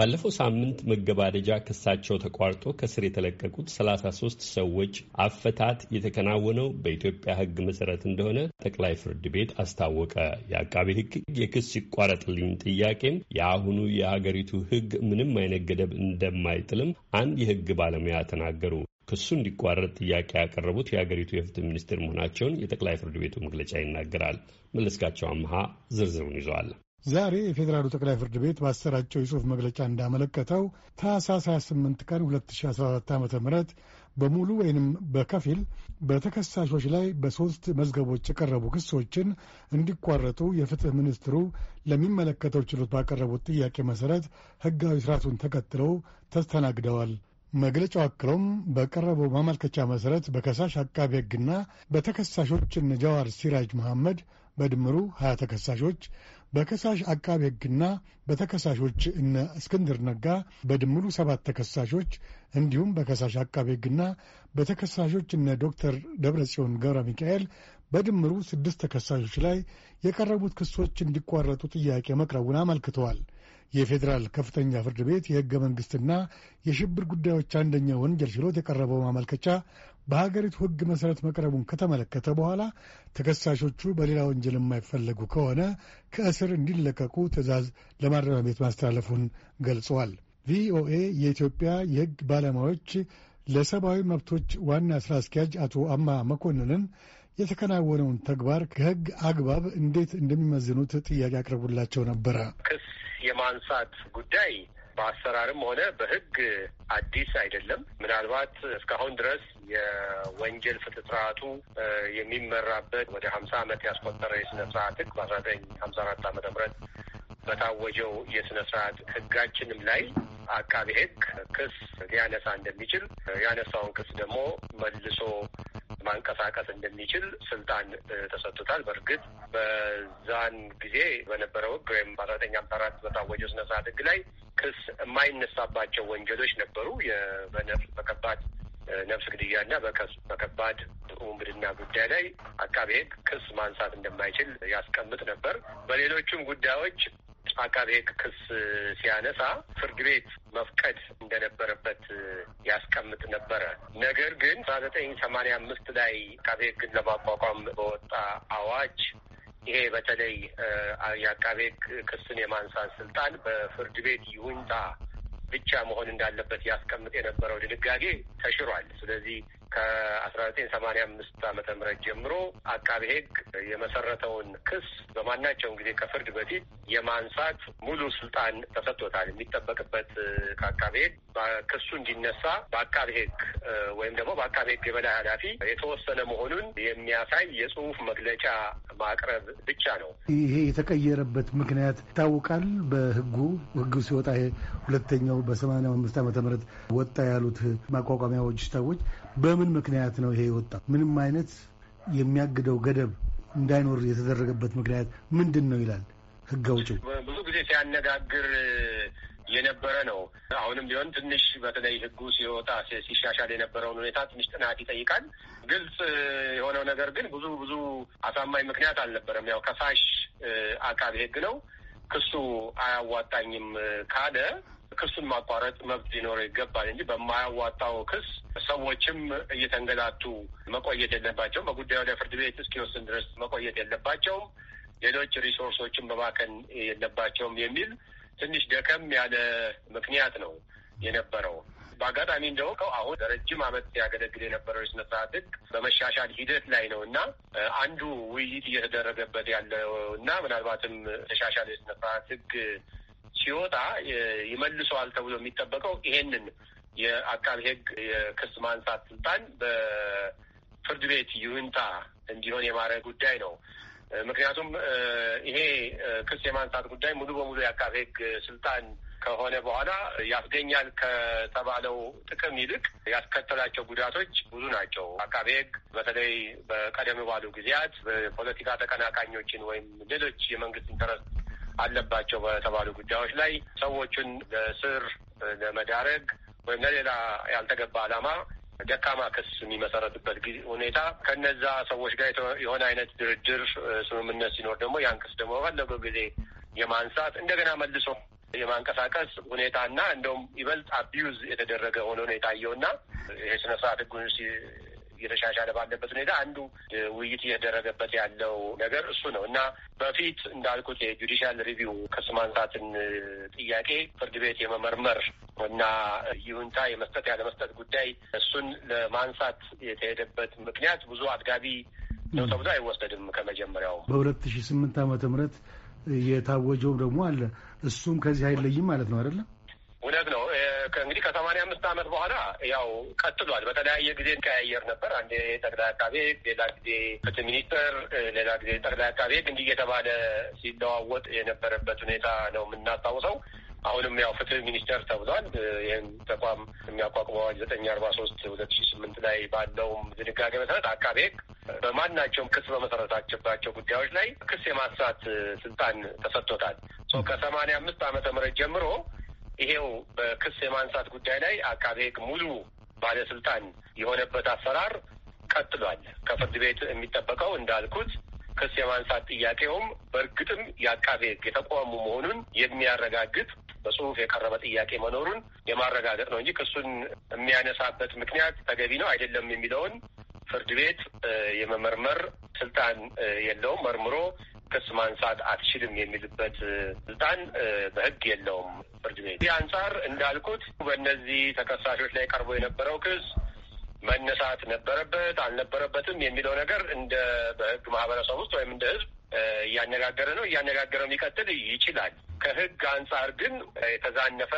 ባለፈው ሳምንት መገባደጃ ክሳቸው ተቋርጦ ከስር የተለቀቁት 33 ሰዎች አፈታት የተከናወነው በኢትዮጵያ ሕግ መሰረት እንደሆነ ጠቅላይ ፍርድ ቤት አስታወቀ። የአቃቤ ሕግ የክስ ይቋረጥልኝ ጥያቄም የአሁኑ የሀገሪቱ ሕግ ምንም አይነት ገደብ እንደማይጥልም አንድ የሕግ ባለሙያ ተናገሩ። ክሱ እንዲቋረጥ ጥያቄ ያቀረቡት የሀገሪቱ የፍትህ ሚኒስትር መሆናቸውን የጠቅላይ ፍርድ ቤቱ መግለጫ ይናገራል። መለስካቸው አምሃ ዝርዝሩን ይዘዋል። ዛሬ የፌዴራሉ ጠቅላይ ፍርድ ቤት ባሰራጨው የጽሑፍ መግለጫ እንዳመለከተው ታህሳስ 28 ቀን 2014 ዓ ም በሙሉ ወይንም በከፊል በተከሳሾች ላይ በሦስት መዝገቦች የቀረቡ ክሶችን እንዲቋረጡ የፍትሕ ሚኒስትሩ ለሚመለከተው ችሎት ባቀረቡት ጥያቄ መሠረት ሕጋዊ ሥርዓቱን ተከትለው ተስተናግደዋል። መግለጫው አክሎም በቀረበው ማመልከቻ መሠረት በከሳሽ አቃቢ ሕግና በተከሳሾች እነ ጃዋር ሲራጅ መሐመድ በድምሩ 20 ተከሳሾች በከሳሽ አቃቤ ሕግና በተከሳሾች እነ እስክንድር ነጋ በድምሩ ሰባት ተከሳሾች እንዲሁም በከሳሽ አቃቤ ሕግና በተከሳሾች እነ ዶክተር ደብረጽዮን ገብረ ሚካኤል በድምሩ ስድስት ተከሳሾች ላይ የቀረቡት ክሶች እንዲቋረጡ ጥያቄ መቅረቡን አመልክተዋል። የፌዴራል ከፍተኛ ፍርድ ቤት የሕገ መንግስትና የሽብር ጉዳዮች አንደኛ ወንጀል ችሎት የቀረበው ማመልከቻ በሀገሪቱ ሕግ መሠረት መቅረቡን ከተመለከተ በኋላ ተከሳሾቹ በሌላ ወንጀል የማይፈለጉ ከሆነ ከእስር እንዲለቀቁ ትዕዛዝ ለማረሚያ ቤት ማስተላለፉን ገልጸዋል። ቪኦኤ የኢትዮጵያ የሕግ ባለሙያዎች ለሰብአዊ መብቶች ዋና ሥራ አስኪያጅ አቶ አማ መኮንንን የተከናወነውን ተግባር ከህግ አግባብ እንዴት እንደሚመዝኑት ጥያቄ አቅርቡላቸው ነበረ። ክስ የማንሳት ጉዳይ በአሰራርም ሆነ በሕግ አዲስ አይደለም። ምናልባት እስካሁን ድረስ የወንጀል ፍትህ ስርዓቱ የሚመራበት ወደ ሀምሳ ዓመት ያስቆጠረ የስነ ስርዓት ሕግ በአስራ ዘጠኝ ሀምሳ አራት ዓመተ ምህረት በታወጀው የስነ ስርዓት ሕጋችንም ላይ አቃቤ ሕግ ክስ ሊያነሳ እንደሚችል ያነሳውን ክስ ደግሞ መልሶ ማንቀሳቀስ እንደሚችል ስልጣን ተሰጥቶታል። በእርግጥ በዛን ጊዜ በነበረው ህግ ወይም በአራተኛ ዘጠኝ አራት በታወጀው ስነ ስርዓት ህግ ላይ ክስ የማይነሳባቸው ወንጀሎች ነበሩ። በነፍስ በከባድ ነፍስ ግድያና በከባድ ውንብድና ጉዳይ ላይ አቃቤ ህግ ክስ ማንሳት እንደማይችል ያስቀምጥ ነበር። በሌሎቹም ጉዳዮች አቃቤ ህግ ክስ ሲያነሳ ፍርድ ቤት መፍቀድ እንደነበረበት ያስቀምጥ ነበረ። ነገር ግን አስራ ዘጠኝ ሰማንያ አምስት ላይ አቃቤ ህግን ለማቋቋም በወጣ አዋጅ ይሄ በተለይ የአቃቤ ክስን የማንሳት ስልጣን በፍርድ ቤት ይሁንታ ብቻ መሆን እንዳለበት ያስቀምጥ የነበረው ድንጋጌ ተሽሯል። ስለዚህ ከአስራ ዘጠኝ ሰማንያ አምስት ዓመተ ምህረት ጀምሮ አቃቤ ሕግ የመሰረተውን ክስ በማናቸውም ጊዜ ከፍርድ በፊት የማንሳት ሙሉ ስልጣን ተሰጥቶታል። የሚጠበቅበት ከአቃቤ ሕግ ክሱ እንዲነሳ በአቃቤ ሕግ ወይም ደግሞ በአቃቤ ሕግ የበላይ ኃላፊ የተወሰነ መሆኑን የሚያሳይ የጽሁፍ መግለጫ ማቅረብ ብቻ ነው። ይሄ የተቀየረበት ምክንያት ይታወቃል። በህጉ ህጉ ሲወጣ ሁለተኛው በሰማንያ አምስት ዓመተ ምህረት ወጣ ያሉት ማቋቋሚያዎች ሰዎች በምን ምክንያት ነው ይሄ የወጣ? ምንም አይነት የሚያግደው ገደብ እንዳይኖር የተደረገበት ምክንያት ምንድን ነው ይላል ህግ አውጪው። ብዙ ጊዜ ሲያነጋግር የነበረ ነው። አሁንም ቢሆን ትንሽ በተለይ ህጉ ሲወጣ ሲሻሻል የነበረውን ሁኔታ ትንሽ ጥናት ይጠይቃል። ግልጽ የሆነው ነገር ግን ብዙ ብዙ አሳማኝ ምክንያት አልነበረም። ያው ከሳሽ አቃቤ ህግ ነው ክሱ አያዋጣኝም ካለ ክሱን ማቋረጥ መብት ሊኖረው ይገባል እንጂ በማያዋጣው ክስ ሰዎችም እየተንገላቱ መቆየት የለባቸውም። በጉዳዩ ላይ ፍርድ ቤት እስኪወስን ድረስ መቆየት የለባቸውም። ሌሎች ሪሶርሶችን በማከን የለባቸውም የሚል ትንሽ ደከም ያለ ምክንያት ነው የነበረው። በአጋጣሚ እንደው አሁን ረጅም ዓመት ያገለግል የነበረው የሥነ ስርዓት በመሻሻል ሂደት ላይ ነው እና አንዱ ውይይት እየተደረገበት ያለው እና ምናልባትም ተሻሻል የሥነ ስርዓት ሲወጣ ይመልሰዋል ተብሎ የሚጠበቀው ይሄንን የአቃቢ ህግ የክስ ማንሳት ስልጣን በፍርድ ቤት ይሁንታ እንዲሆን የማድረግ ጉዳይ ነው። ምክንያቱም ይሄ ክስ የማንሳት ጉዳይ ሙሉ በሙሉ የአቃቢ ህግ ስልጣን ከሆነ በኋላ ያስገኛል ከተባለው ጥቅም ይልቅ ያስከተላቸው ጉዳቶች ብዙ ናቸው። አቃቤ ህግ በተለይ በቀደም ባሉ ጊዜያት በፖለቲካ ተቀናቃኞችን ወይም ሌሎች የመንግስት ኢንተረስት አለባቸው በተባሉ ጉዳዮች ላይ ሰዎቹን ለስር ለመዳረግ ወይም ለሌላ ያልተገባ ዓላማ ደካማ ክስ የሚመሰረትበት ሁኔታ ከነዛ ሰዎች ጋር የሆነ አይነት ድርድር ስምምነት ሲኖር ደግሞ ያን ክስ ደግሞ በፈለገው ጊዜ የማንሳት እንደገና መልሶ የማንቀሳቀስ ሁኔታና እንደውም ይበልጥ አቢዩዝ የተደረገ ሆኖ ነው የታየውና ይሄ ስነስርዓት ህጉን እየተሻሻለ ባለበት ሁኔታ አንዱ ውይይት እየተደረገበት ያለው ነገር እሱ ነው እና በፊት እንዳልኩት የጁዲሻል ሪቪው ክስ ማንሳትን ጥያቄ ፍርድ ቤት የመመርመር እና ይሁንታ የመስጠት ያለመስጠት ጉዳይ እሱን ለማንሳት የተሄደበት ምክንያት ብዙ አጥጋቢ ነው ተብሎ አይወሰድም። ከመጀመሪያው በሁለት ሺ ስምንት ዓመተ ምህረት የታወጀው ደግሞ አለ። እሱም ከዚህ አይለይም ማለት ነው አይደለም? እውነት ነው። ከእንግዲህ ከሰማንያ አምስት ዓመት በኋላ ያው ቀጥሏል። በተለያየ ጊዜ እንቀያየር ነበር። አንዴ ጠቅላይ አቃቤ ሕግ፣ ሌላ ጊዜ ፍትህ ሚኒስትር፣ ሌላ ጊዜ ጠቅላይ አቃቤ ሕግ እንዲህ እየተባለ ሲለዋወጥ የነበረበት ሁኔታ ነው የምናስታውሰው። አሁንም ያው ፍትህ ሚኒስቴር ተብሏል። ይህን ተቋም የሚያቋቁመው አዋጅ ዘጠኝ አርባ ሶስት ሁለት ሺ ስምንት ላይ ባለውም ድንጋጌ መሰረት አቃቤ ሕግ በማናቸውም ክስ በመሰረታቸባቸው ጉዳዮች ላይ ክስ የማንሳት ስልጣን ተሰጥቶታል። ከሰማንያ አምስት ዓመተ ምህረት ጀምሮ ይሄው በክስ የማንሳት ጉዳይ ላይ አቃቤ ሕግ ሙሉ ባለስልጣን የሆነበት አሰራር ቀጥሏል። ከፍርድ ቤት የሚጠበቀው እንዳልኩት ክስ የማንሳት ጥያቄውም በእርግጥም የአቃቤ ሕግ የተቋሙ መሆኑን የሚያረጋግጥ በጽሁፍ የቀረበ ጥያቄ መኖሩን የማረጋገጥ ነው እንጂ ክሱን የሚያነሳበት ምክንያት ተገቢ ነው አይደለም የሚለውን ፍርድ ቤት የመመርመር ስልጣን የለውም። መርምሮ ክስ ማንሳት አትችልም የሚልበት ስልጣን በህግ የለውም። ፍርድ ቤት ይህ አንጻር እንዳልኩት በእነዚህ ተከሳሾች ላይ ቀርቦ የነበረው ክስ መነሳት ነበረበት አልነበረበትም የሚለው ነገር እንደ በህግ ማህበረሰብ ውስጥ ወይም እንደ ህዝብ እያነጋገረ ነው እያነጋገረ ሊቀጥል ይችላል። ከህግ አንጻር ግን የተዛነፈ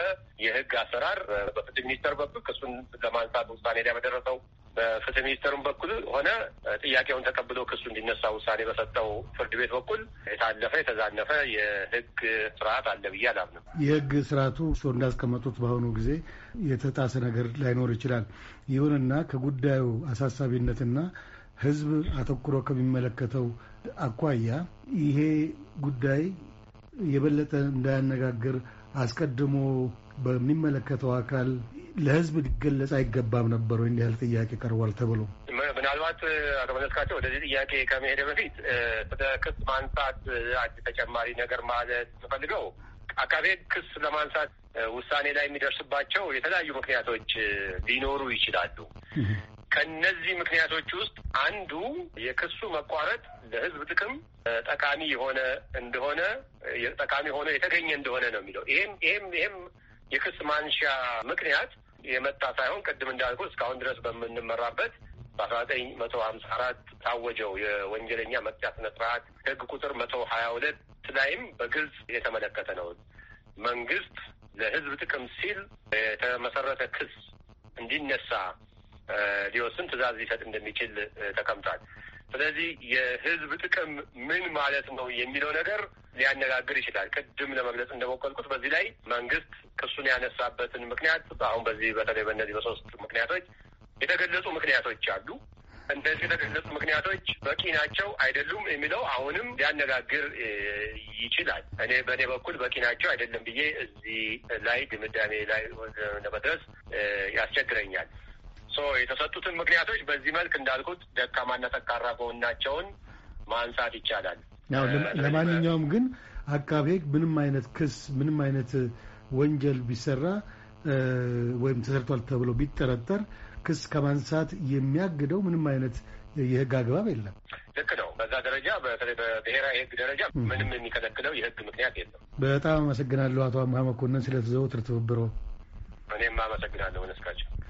የህግ አሰራር በፍትህ ሚኒስቴር በኩል ክሱን ለማንሳት ውሳኔ ላይ በደረሰው በፍትህ ሚኒስቴሩም በኩል ሆነ ጥያቄውን ተቀብሎ ክሱ እንዲነሳ ውሳኔ በሰጠው ፍርድ ቤት በኩል የታለፈ የተዛነፈ የህግ ስርዓት አለ ብዬ አላምንም። የህግ ስርዓቱ እሱ እንዳስቀመጡት በአሁኑ ጊዜ የተጣሰ ነገር ላይኖር ይችላል። ይሁንና ከጉዳዩ አሳሳቢነትና ህዝብ አተኩሮ ከሚመለከተው አኳያ ይሄ ጉዳይ የበለጠ እንዳያነጋግር አስቀድሞ በሚመለከተው አካል ለህዝብ ሊገለጽ አይገባም ነበር ወይ? እንዲህ ያህል ጥያቄ ቀርቧል ተብሎ ምናልባት አቶ መለስካቸው ወደዚህ ጥያቄ ከመሄደ በፊት ስለ ክስ ማንሳት አንድ ተጨማሪ ነገር ማለት የምፈልገው አቃቤ ክስ ለማንሳት ውሳኔ ላይ የሚደርስባቸው የተለያዩ ምክንያቶች ሊኖሩ ይችላሉ። ከነዚህ ምክንያቶች ውስጥ አንዱ የክሱ መቋረጥ ለህዝብ ጥቅም ጠቃሚ የሆነ እንደሆነ ጠቃሚ ሆኖ የተገኘ እንደሆነ ነው የሚለው። ይሄም ይሄም ይሄም የክስ ማንሻ ምክንያት የመጣ ሳይሆን ቅድም እንዳልኩ እስካሁን ድረስ በምንመራበት በአስራ ዘጠኝ መቶ ሀምሳ አራት ታወጀው የወንጀለኛ መቅጫ ስነ ስርዓት ህግ ቁጥር መቶ ሀያ ሁለት ላይም በግልጽ የተመለከተ ነው። መንግስት ለህዝብ ጥቅም ሲል የተመሰረተ ክስ እንዲነሳ ሊወስን ትእዛዝ ሊሰጥ እንደሚችል ተቀምጧል። ስለዚህ የህዝብ ጥቅም ምን ማለት ነው የሚለው ነገር ሊያነጋግር ይችላል። ቅድም ለመግለጽ እንደሞከልኩት በዚህ ላይ መንግስት ክሱን ያነሳበትን ምክንያት አሁን በዚህ በተለይ በእነዚህ በሶስት ምክንያቶች የተገለጹ ምክንያቶች አሉ። እንደዚህ የተገለጹ ምክንያቶች በቂ ናቸው አይደሉም የሚለው አሁንም ሊያነጋግር ይችላል። እኔ በእኔ በኩል በቂ ናቸው አይደለም ብዬ እዚህ ላይ ድምዳሜ ላይ ለመድረስ ያስቸግረኛል። የተሰጡትን ምክንያቶች በዚህ መልክ እንዳልኩት ደካማና ጠንካራ ጎናቸውን ማንሳት ይቻላል። ለማንኛውም ግን አቃቤ ሕግ ምንም አይነት ክስ ምንም አይነት ወንጀል ቢሰራ ወይም ተሰርቷል ተብሎ ቢጠረጠር ክስ ከማንሳት የሚያግደው ምንም አይነት የህግ አግባብ የለም። ልክ ነው። በዛ ደረጃ በተለይ በብሔራዊ ህግ ደረጃ ምንም የሚከለክለው የህግ ምክንያት የለም። በጣም አመሰግናለሁ አቶ አምሃ መኮንን ስለ ትብብሮ። እኔም አመሰግናለሁ ነስካቸው